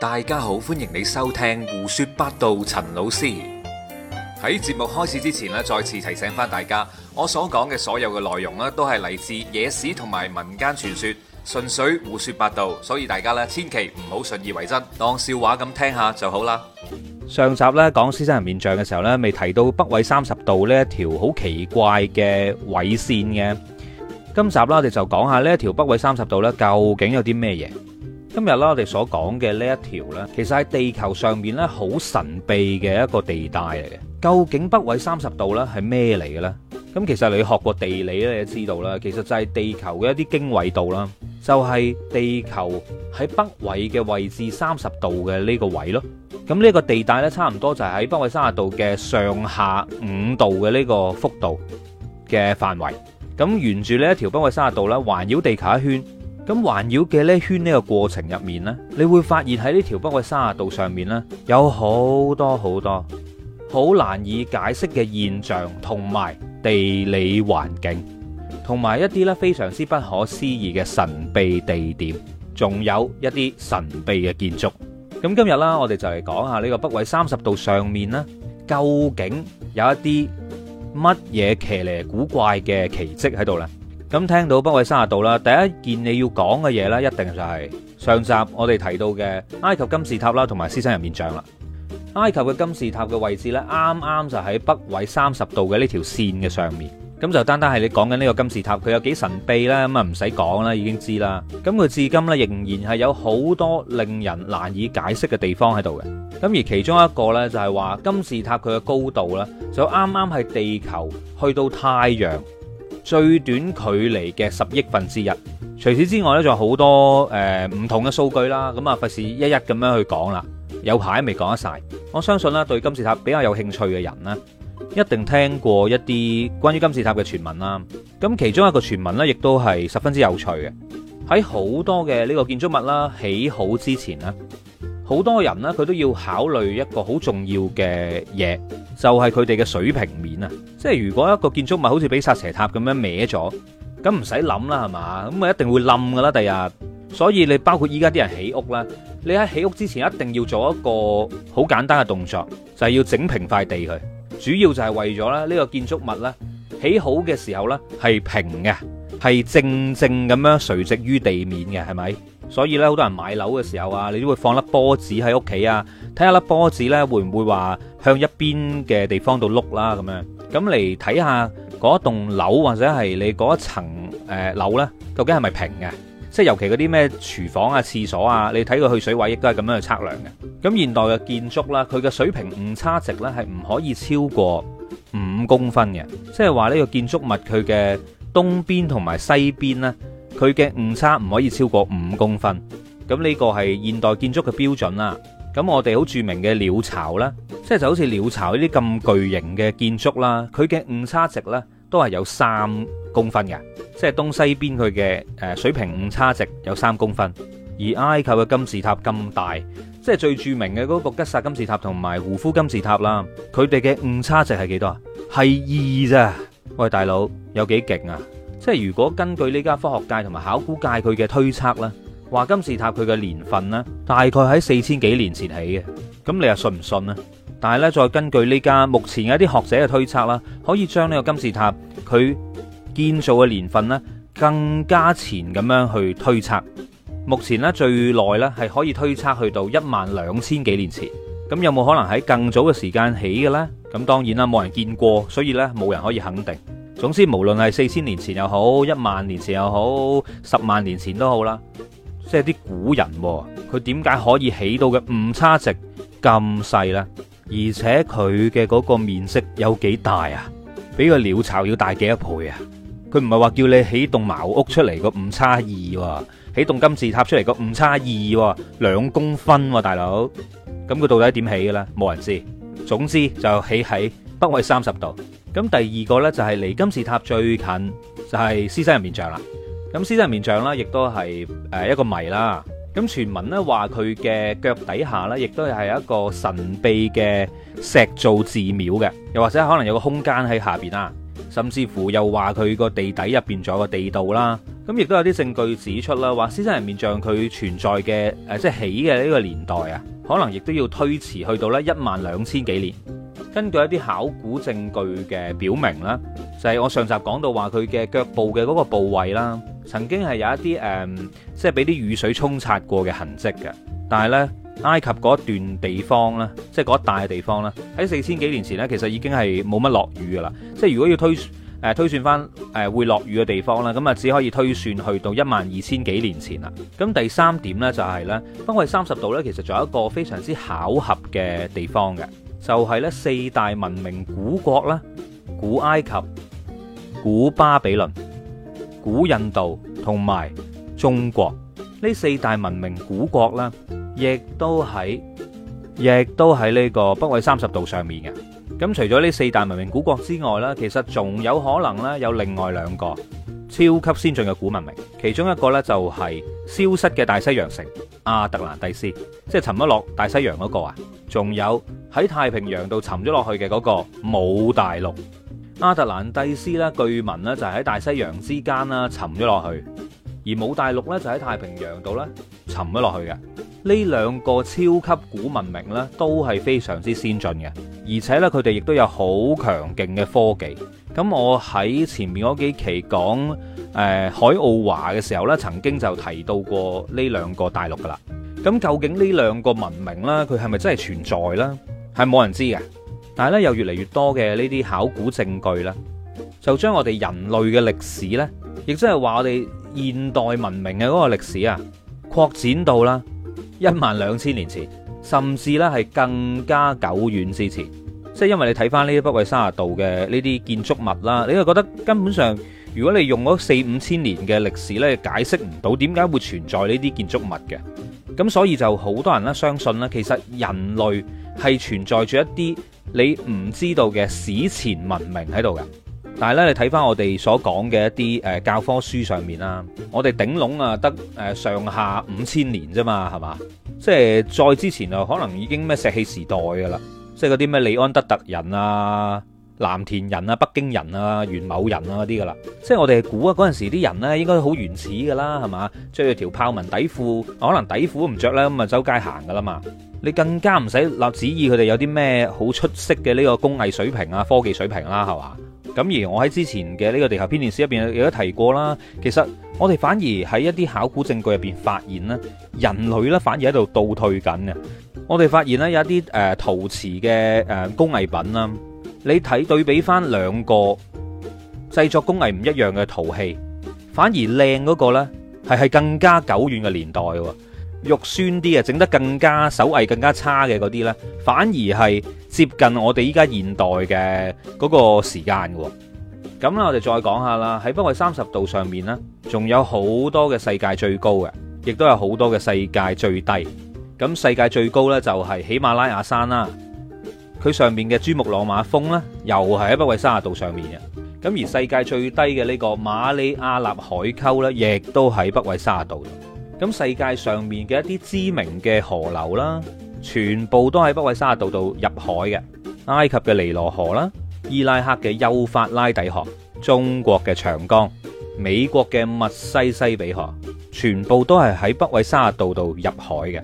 大家好，歡迎你收聽胡說八道。陳老師喺節目開始之前咧，再次提醒翻大家，我所講嘅所有嘅內容咧，都係嚟自野史同埋民間傳說，純粹胡說八道，所以大家咧千祈唔好信以為真，當笑話咁聽下就好啦。上集咧講獅身人面像嘅時候咧，未提到北緯三十度呢一條好奇怪嘅緯線嘅，今集啦我哋就講下呢一條北緯三十度咧究竟有啲咩嘢。今日啦，我哋所講嘅呢一條咧，其實係地球上面咧好神秘嘅一個地帶嚟嘅。究竟北緯三十度咧係咩嚟嘅呢？咁其實你學過地理咧，你知道啦，其實就係地球嘅一啲經緯度啦，就係、是、地球喺北緯嘅位置三十度嘅呢個位咯。咁呢一個地帶呢，差唔多就係喺北緯三十度嘅上下五度嘅呢個幅度嘅範圍。咁沿住呢一條北緯三十度呢，環繞地球一圈。咁環繞嘅呢圈呢個過程入面呢，你會發現喺呢條北緯三十度上面呢，有好多好多好難以解釋嘅現象，同埋地理環境，同埋一啲呢非常之不可思議嘅神秘地點，仲有一啲神秘嘅建築。咁今日啦，我哋就嚟講下呢個北緯三十度上面呢，究竟有一啲乜嘢奇離古怪嘅奇跡喺度呢？咁聽到北緯三十度啦，第一件你要講嘅嘢呢，一定就係上集我哋提到嘅埃及金字塔啦，同埋獅身人面像啦。埃及嘅金字塔嘅位置呢，啱啱就喺北緯三十度嘅呢條線嘅上面。咁就單單係你講緊呢個金字塔，佢有幾神秘呢？咁啊唔使講啦，已經知啦。咁佢至今呢，仍然係有好多令人難以解釋嘅地方喺度嘅。咁而其中一個呢，就係話金字塔佢嘅高度呢，就啱啱係地球去到太陽。最短距離嘅十億分之一。除此之外咧，仲有好多誒唔同嘅數據啦。咁、嗯、啊，費事一一咁樣去講啦，有排未講得晒。我相信咧，對金字塔比較有興趣嘅人咧，一定聽過一啲關於金字塔嘅傳聞啦。咁其中一個傳聞呢，亦都係十分之有趣嘅。喺好多嘅呢個建築物啦起好之前咧。好多人咧，佢都要考慮一個好重要嘅嘢，就係佢哋嘅水平面啊！即係如果一個建築物好似比薩斜塔咁樣歪咗，咁唔使諗啦，係嘛？咁啊一定會冧噶啦，第日。所以你包括依家啲人起屋啦，你喺起屋之前一定要做一個好簡單嘅動作，就係要整平塊地佢。主要就係為咗咧呢個建築物咧起好嘅時候咧係平嘅，係正正咁樣垂直於地面嘅，係咪？所以咧，好多人買樓嘅時候啊，你都會放粒波子喺屋企啊，睇下粒波子咧會唔會話向一邊嘅地方度碌啦咁樣，咁嚟睇下嗰一棟樓或者係你嗰一層誒、呃、樓呢，究竟係咪平嘅？即係尤其嗰啲咩廚房啊、廁所啊，你睇佢去水位，亦都係咁樣去測量嘅。咁現代嘅建築啦，佢嘅水平誤差值呢係唔可以超過五公分嘅，即係話呢個建築物佢嘅東邊同埋西邊呢。佢嘅誤差唔可以超過五公分，咁呢個係現代建築嘅標準啦。咁我哋好著名嘅鳥巢啦，即係就好似鳥巢呢啲咁巨型嘅建築啦，佢嘅誤差值呢都係有三公分嘅，即係東西邊佢嘅誒水平誤差值有三公分。而埃及嘅金字塔咁大，即係最著名嘅嗰個吉薩金字塔同埋胡夫金字塔啦，佢哋嘅誤差值係幾多啊？係二咋？喂，大佬有幾勁啊？即係如果根據呢家科學界同埋考古界佢嘅推測呢，話金字塔佢嘅年份呢，大概喺四千幾年前起嘅，咁你又信唔信咧？但係呢，再根據呢家目前嘅一啲學者嘅推測啦，可以將呢個金字塔佢建造嘅年份呢更加前咁樣去推測。目前呢，最耐呢係可以推測去到一萬兩千幾年前，咁有冇可能喺更早嘅時間起嘅呢？咁當然啦，冇人見過，所以呢，冇人可以肯定。總之，無論係四千年前又好，一萬年前又好，十萬年前都好啦，即係啲古人，佢點解可以起到嘅誤差值咁細呢？而且佢嘅嗰個面積有幾大啊？比個鳥巢要大幾多倍啊？佢唔係話叫你起棟茅屋出嚟個誤差二喎，起棟金字塔出嚟個誤差二喎，兩公分喎，大佬，咁佢到底點起嘅咧？冇人知。總之就起喺北緯三十度。咁第二個呢就係離金字塔最近就係獅身人面像啦。咁獅身人面像啦，亦都係誒一個謎啦。咁傳聞呢話佢嘅腳底下呢亦都係一個神秘嘅石造寺廟嘅，又或者可能有個空間喺下邊啦。甚至乎又話佢個地底入邊仲有個地道啦。咁亦都有啲證據指出啦，話獅身人面像佢存在嘅，誒，即係起嘅呢個年代啊，可能亦都要推遲去到呢一萬兩千幾年。根據一啲考古證據嘅表明啦，就係、是、我上集講到話佢嘅腳部嘅嗰個部位啦，曾經係有一啲誒、呃，即係俾啲雨水沖刷過嘅痕跡嘅。但係呢，埃及嗰段地方咧，即係嗰一大地方咧，喺四千幾年前呢，其實已經係冇乜落雨噶啦。即係如果要推誒、呃、推算翻誒、呃、會落雨嘅地方咧，咁啊只可以推算去到一萬二千幾年前啦。咁第三點呢，就係咧，北緯三十度呢，度其實仲有一個非常之巧合嘅地方嘅。就係咧，四大文明古國啦，古埃及、古巴比倫、古印度同埋中國呢四大文明古國啦，亦都喺亦都喺呢個北緯三十度上面嘅。咁、嗯、除咗呢四大文明古國之外啦，其實仲有可能呢有另外兩個超級先進嘅古文明，其中一個呢就係消失嘅大西洋城阿特蘭蒂斯，即係沉咗落大西洋嗰個啊，仲有。喺太平洋度沉咗落去嘅嗰個姆大陸阿特蘭蒂斯啦，據聞呢就喺、是、大西洋之間啦沉咗落去，而姆大陸呢，就喺、是、太平洋度呢沉咗落去嘅。呢兩個超級古文明呢，都係非常之先進嘅，而且呢，佢哋亦都有好強勁嘅科技。咁我喺前面嗰幾期講誒、呃、海奧華嘅時候呢，曾經就提到過呢兩個大陸㗎喇。咁究竟呢兩個文明呢，佢係咪真係存在呢？係冇人知嘅，但係咧有越嚟越多嘅呢啲考古證據啦，就將我哋人類嘅歷史呢，亦即係話我哋現代文明嘅嗰個歷史啊，擴展到啦一萬兩千年前，甚至呢係更加久遠之前。即係因為你睇翻呢啲北緯三十度嘅呢啲建築物啦，你就覺得根本上如果你用嗰四五千年嘅歷史呢，解釋唔到點解會存在呢啲建築物嘅，咁所以就好多人咧相信呢，其實人類。係存在住一啲你唔知道嘅史前文明喺度嘅，但係呢，你睇翻我哋所講嘅一啲誒、呃、教科書上面啦，我哋頂籠啊得誒、呃、上下五千年啫嘛，係嘛？即係再之前啊，可能已經咩石器時代噶啦，即係嗰啲咩尼安德特人啊、藍田人啊、北京人啊、元謀人啊嗰啲噶啦，即係我哋估啊，嗰陣時啲人呢應該好原始噶啦，係嘛？著住條豹紋底褲，可能底褲都唔着啦，咁啊走街行噶啦嘛。你更加唔使立旨意佢哋有啲咩好出色嘅呢個工藝水平啊，科技水平啦，係嘛？咁而我喺之前嘅呢個地球編年史入邊亦都提過啦。其實我哋反而喺一啲考古證據入邊發現咧，人類咧反而喺度倒退緊嘅。我哋發現咧有一啲誒、呃、陶瓷嘅誒工藝品啦，你睇對比翻兩個製作工藝唔一樣嘅陶器，反而靚嗰個咧係係更加久遠嘅年代。肉酸啲啊，整得更加手藝更加差嘅嗰啲呢，反而係接近我哋依家現代嘅嗰個時間嘅。咁咧，我哋再講下啦，喺北緯三十度上面呢，仲有好多嘅世界最高嘅，亦都有好多嘅世界最低。咁世界最高呢，就係喜馬拉雅山啦，佢上面嘅珠穆朗瑪峰呢，又係喺北緯三十度上面嘅。咁而世界最低嘅呢個馬里亞納海溝呢，亦都喺北緯三十度。咁世界上面嘅一啲知名嘅河流啦，全部都喺北緯三十度度入海嘅。埃及嘅尼羅河啦，伊拉克嘅幼發拉底河，中國嘅長江，美國嘅密西西比河，全部都係喺北緯三十度度入海嘅。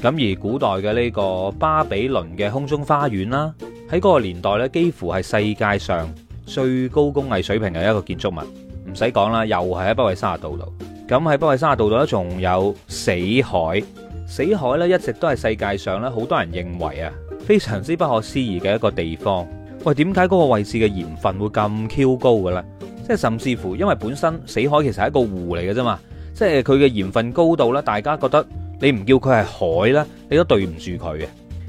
咁而古代嘅呢個巴比倫嘅空中花園啦，喺嗰個年代咧，幾乎係世界上最高工藝水平嘅一個建築物，唔使講啦，又係喺北緯三十度度。咁喺北緯三十度度咧，仲有死海。死海咧一直都係世界上咧好多人認為啊，非常之不可思議嘅一個地方。喂，點解嗰個位置嘅鹽分會咁 Q 高嘅咧？即係甚至乎，因為本身死海其實係一個湖嚟嘅啫嘛，即係佢嘅鹽分高度咧，大家覺得你唔叫佢係海咧，你都對唔住佢嘅。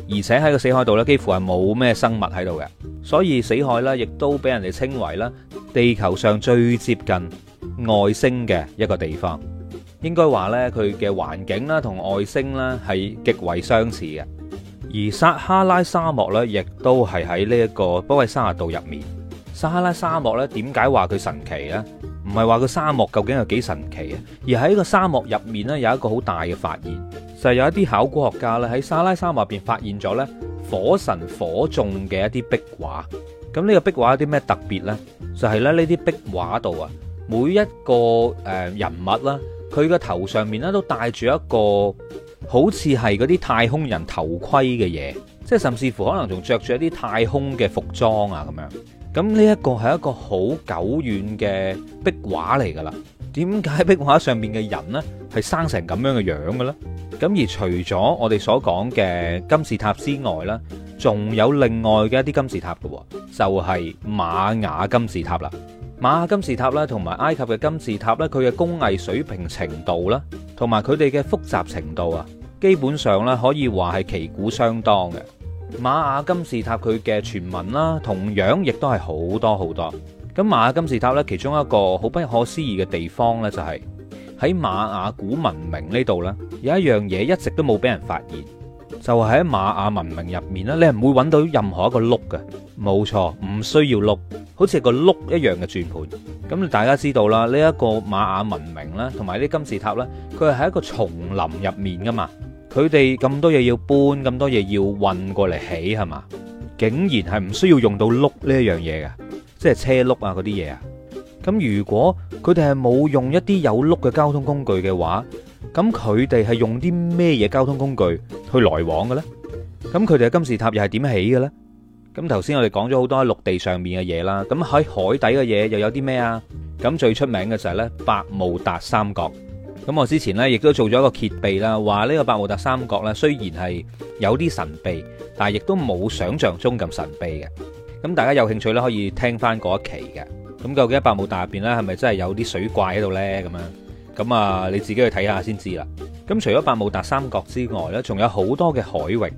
而且喺個死海度咧，幾乎係冇咩生物喺度嘅，所以死海咧亦都俾人哋稱為咧地球上最接近。外星嘅一個地方，應該話呢佢嘅環境啦，同外星咧係極為相似嘅。而撒哈拉沙漠呢、這個，亦都係喺呢一個北緯三十度入面。撒哈拉沙漠呢，點解話佢神奇咧？唔係話個沙漠究竟有幾神奇啊？而喺個沙漠入面呢，有一個好大嘅發現，就係、是、有一啲考古學家咧喺撒哈拉沙漠入邊發現咗呢火神火種嘅一啲壁畫。咁、這、呢個壁畫有啲咩特別呢？就係咧呢啲壁畫度啊。每一個誒人物啦，佢個頭上面咧都戴住一個好似係嗰啲太空人頭盔嘅嘢，即係甚至乎可能仲着住一啲太空嘅服裝啊咁樣。咁呢一個係一個好久遠嘅壁畫嚟噶啦。點解壁畫上面嘅人呢係生成咁樣嘅樣嘅咧？咁而除咗我哋所講嘅金字塔之外呢，仲有另外嘅一啲金字塔嘅，就係瑪雅金字塔啦。瑪雅金，金字塔啦，同埋埃及嘅金字塔咧，佢嘅工藝水平程度啦，同埋佢哋嘅複雜程度啊，基本上咧可以話係旗鼓相當嘅。瑪雅金字塔佢嘅傳聞啦，同樣亦都係好多好多。咁瑪雅金字塔咧，其中一個好不可思議嘅地方咧，就係喺瑪雅古文明呢度咧，有一樣嘢一直都冇俾人發現，就係喺瑪雅文明入面啦，你係唔會揾到任何一個碌嘅。冇錯，唔需要轆，好似個轆一樣嘅轉盤。咁大家知道啦，呢一個瑪雅文明啦，同埋啲金字塔咧，佢係喺一個叢林入面噶嘛。佢哋咁多嘢要搬，咁多嘢要運過嚟起，係嘛？竟然係唔需要用到轆呢一樣嘢嘅，即係車轆啊嗰啲嘢啊。咁如果佢哋係冇用一啲有轆嘅交通工具嘅話，咁佢哋係用啲咩嘢交通工具去來往嘅咧？咁佢哋嘅金字塔又係點起嘅咧？咁頭先我哋講咗好多喺陸地上面嘅嘢啦，咁喺海底嘅嘢又有啲咩啊？咁最出名嘅就係呢百慕達三角，咁我之前呢亦都做咗一個揭秘啦，話呢個百慕達三角呢雖然係有啲神秘，但係亦都冇想象中咁神秘嘅。咁大家有興趣呢，可以聽翻嗰一期嘅。咁究竟百慕達入邊呢係咪真係有啲水怪喺度呢？咁樣咁啊你自己去睇下先知啦。咁除咗百慕達三角之外呢，仲有好多嘅海域。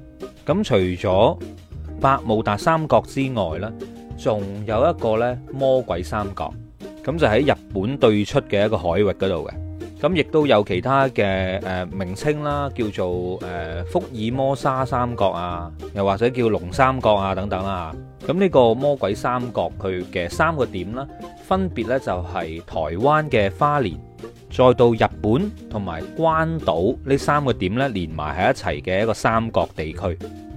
咁除咗百慕達三角之外呢，仲有一個呢魔鬼三角，咁就喺日本對出嘅一個海域嗰度嘅，咁亦都有其他嘅誒名稱啦，叫做誒福爾摩沙三角啊，又或者叫龍三角啊等等啦。咁呢個魔鬼三角佢嘅三個點呢，分別呢就係台灣嘅花蓮，再到日本同埋關島呢三個點咧，連埋喺一齊嘅一個三角地區，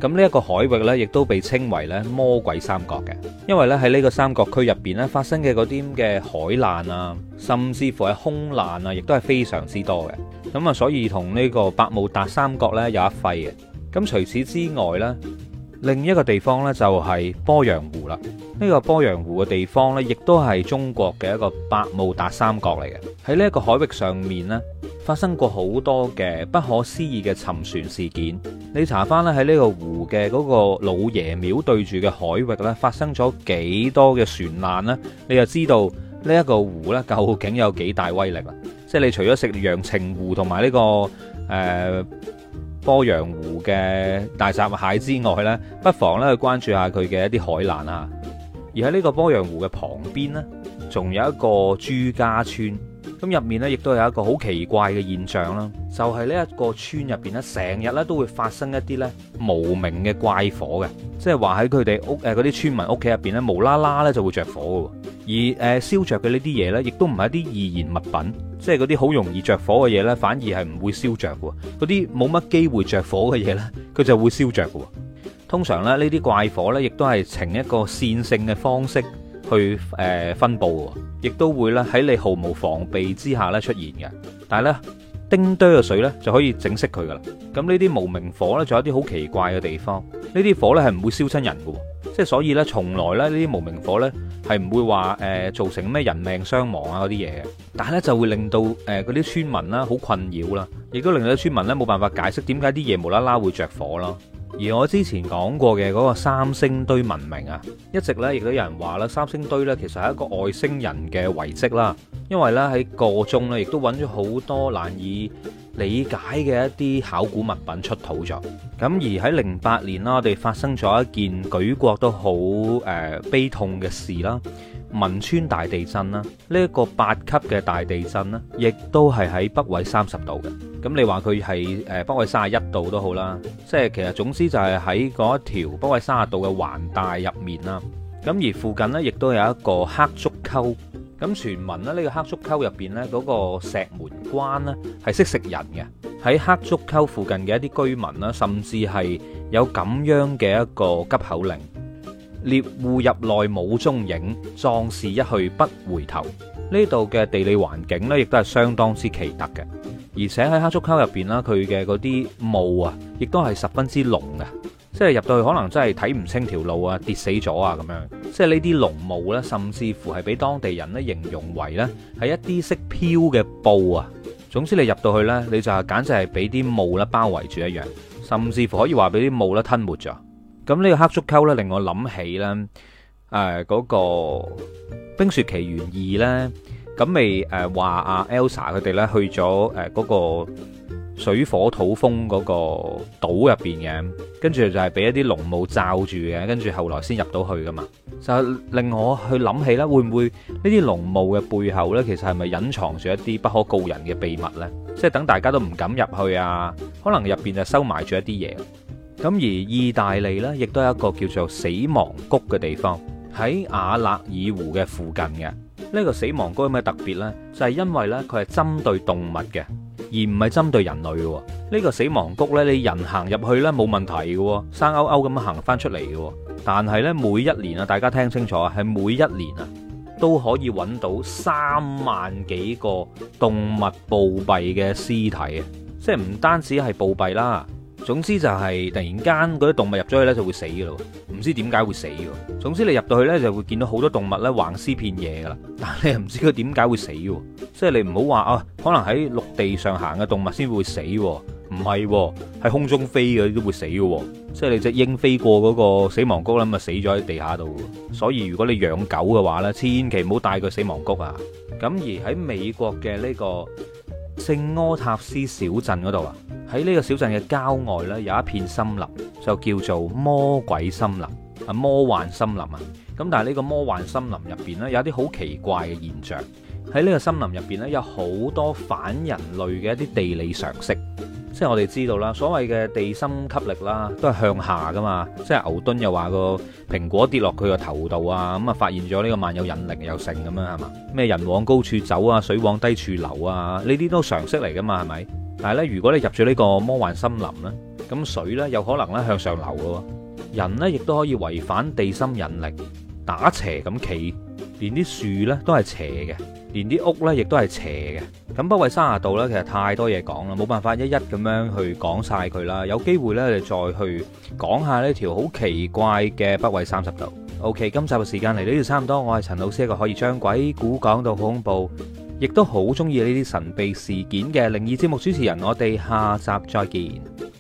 咁呢一個海域呢，亦都被稱為咧魔鬼三角嘅，因為咧喺呢個三角區入邊咧發生嘅嗰啲嘅海難啊，甚至乎係空難啊，亦都係非常之多嘅，咁啊，所以同呢個百慕達三角呢有一廢嘅，咁除此之外呢。另一個地方呢，就係鄱陽湖啦，呢個鄱陽湖嘅地方呢，亦都係中國嘅一個百慕達三角嚟嘅。喺呢一個海域上面呢，發生過好多嘅不可思議嘅沉船事件。你查翻咧喺呢個湖嘅嗰個老爺廟對住嘅海域呢，發生咗幾多嘅船難呢？你就知道呢一個湖呢，究竟有幾大威力啦。即係你除咗食陽澄湖同埋呢個誒。呃波陽湖嘅大閘蟹之外咧，不妨咧去關注下佢嘅一啲海難啊。而喺呢個鄱陽湖嘅旁邊咧，仲有一個朱家村，咁入面咧亦都有一個好奇怪嘅現象啦，就係呢一個村入邊咧，成日咧都會發生一啲咧無名嘅怪火嘅，即係話喺佢哋屋誒嗰啲村民屋企入邊咧，無啦啦咧就會着火嘅。而誒燒着嘅呢啲嘢咧，亦都唔係一啲易燃物品。即係嗰啲好容易着火嘅嘢呢，反而係唔會燒着嘅。嗰啲冇乜機會着火嘅嘢呢，佢就會燒着嘅。通常咧，呢啲怪火呢，亦都係呈一個線性嘅方式去誒、呃、分布，亦都會咧喺你毫無防備之下呢出現嘅。但係呢，丁堆嘅水呢，就可以整熄佢噶啦。咁呢啲無名火呢，仲有啲好奇怪嘅地方。呢啲火呢，係唔會燒親人嘅。即係所以咧，從來呢啲無名火呢，係唔會話誒、呃、造成咩人命傷亡啊嗰啲嘢嘅，但係呢，就會令到誒嗰啲村民啦好困擾啦，亦都令到村民呢冇辦法解釋點解啲嘢無啦啦會着火啦。而我之前講過嘅嗰個三星堆文明啊，一直呢亦都有人話啦，三星堆呢其實係一個外星人嘅遺跡啦，因為呢喺個中呢亦都揾咗好多難以。理解嘅一啲考古物品出土咗。咁，而喺零八年啦，我哋發生咗一件舉國都好誒悲痛嘅事啦，汶川大地震啦，呢一個八級嘅大地震啦，亦都係喺北緯三十度嘅，咁你話佢係誒北緯三十一度都好啦，即係其實總之就係喺嗰一條北緯三十度嘅環帶入面啦，咁而附近呢，亦都有一個黑竹溝。咁傳聞呢，呢個黑竹溝入邊呢嗰個石門關呢，係識食人嘅。喺黑竹溝附近嘅一啲居民呢，甚至係有咁樣嘅一個急口令：獵戶入內冇蹤影，壯士一去不回頭。呢度嘅地理環境呢，亦都係相當之奇特嘅，而且喺黑竹溝入邊呢，佢嘅嗰啲霧啊，亦都係十分之濃嘅。即係入到去可能真係睇唔清條路啊，跌死咗啊咁樣。即係呢啲濃霧呢，甚至乎係俾當地人呢形容為呢係一啲識飄嘅霧啊。總之你入到去呢，你就係簡直係俾啲霧呢包圍住一樣，甚至乎可以話俾啲霧呢吞沒咗。咁呢個黑竹溝呢，令我諗起呢，誒、呃、嗰、那個《冰雪奇緣二》呢，咁咪誒話、呃、阿 Elsa 佢哋呢去咗誒嗰個。水火土風嗰個島入邊嘅，跟住就係俾一啲濃霧罩住嘅，跟住後來先入到去噶嘛，就令我去諗起咧，會唔會呢啲濃霧嘅背後呢？其實係咪隱藏住一啲不可告人嘅秘密呢？即係等大家都唔敢入去啊，可能入邊就收埋咗一啲嘢。咁而意大利呢，亦都有一個叫做死亡谷嘅地方，喺瓦勒爾湖嘅附近嘅。呢個死亡谷有咩特別呢？就係因為呢，佢係針對動物嘅，而唔係針對人類嘅。呢個死亡谷呢，你人行入去呢冇問題嘅，生勾勾咁行翻出嚟嘅。但係呢，每一年啊，大家聽清楚啊，係每一年啊，都可以揾到三萬幾個動物暴斃嘅屍體嘅，即係唔單止係暴斃啦。總之就係突然間嗰啲動物入咗去呢就會死噶咯，唔知點解會死。總之你入到去呢就會見到好多動物呢橫屍遍野噶啦，但係你又唔知佢點解會死。即係你唔好話啊，可能喺陸地上行嘅動物先會死，唔係喎，喺空中飛嘅都會死嘅。即係你隻鷹飛過嗰個死亡谷啦，咁啊死咗喺地下度。所以如果你養狗嘅話呢，千祈唔好帶佢死亡谷啊。咁而喺美國嘅呢個。聖阿塔斯小鎮嗰度啊，喺呢個小鎮嘅郊外呢，有一片森林，就叫做魔鬼森林啊，魔幻森林啊。咁但係呢個魔幻森林入邊呢，有啲好奇怪嘅現象，喺呢個森林入邊呢，有好多反人類嘅一啲地理常識。即係我哋知道啦，所謂嘅地心吸力啦，都係向下噶嘛。即係牛頓又話個蘋果跌落佢個頭度啊，咁啊發現咗呢個萬有引力又成咁樣啊，係嘛？咩人往高處走啊，水往低處流啊，呢啲都常識嚟噶嘛，係咪？但係咧，如果你入咗呢個魔幻森林咧，咁水呢有可能咧向上流嘅喎，啊，人呢亦都可以違反地心引力打斜咁企，連啲樹呢都係斜嘅。連啲屋呢亦都係斜嘅。咁北緯三十度呢，其實太多嘢講啦，冇辦法一一咁樣去講晒佢啦。有機會呢，我哋再去講下呢條好奇怪嘅北緯三十度。OK，今集嘅時間嚟到呢度差唔多，我係陳老師，一個可以將鬼故講到好恐怖，亦都好中意呢啲神秘事件嘅靈異節目主持人。我哋下集再見。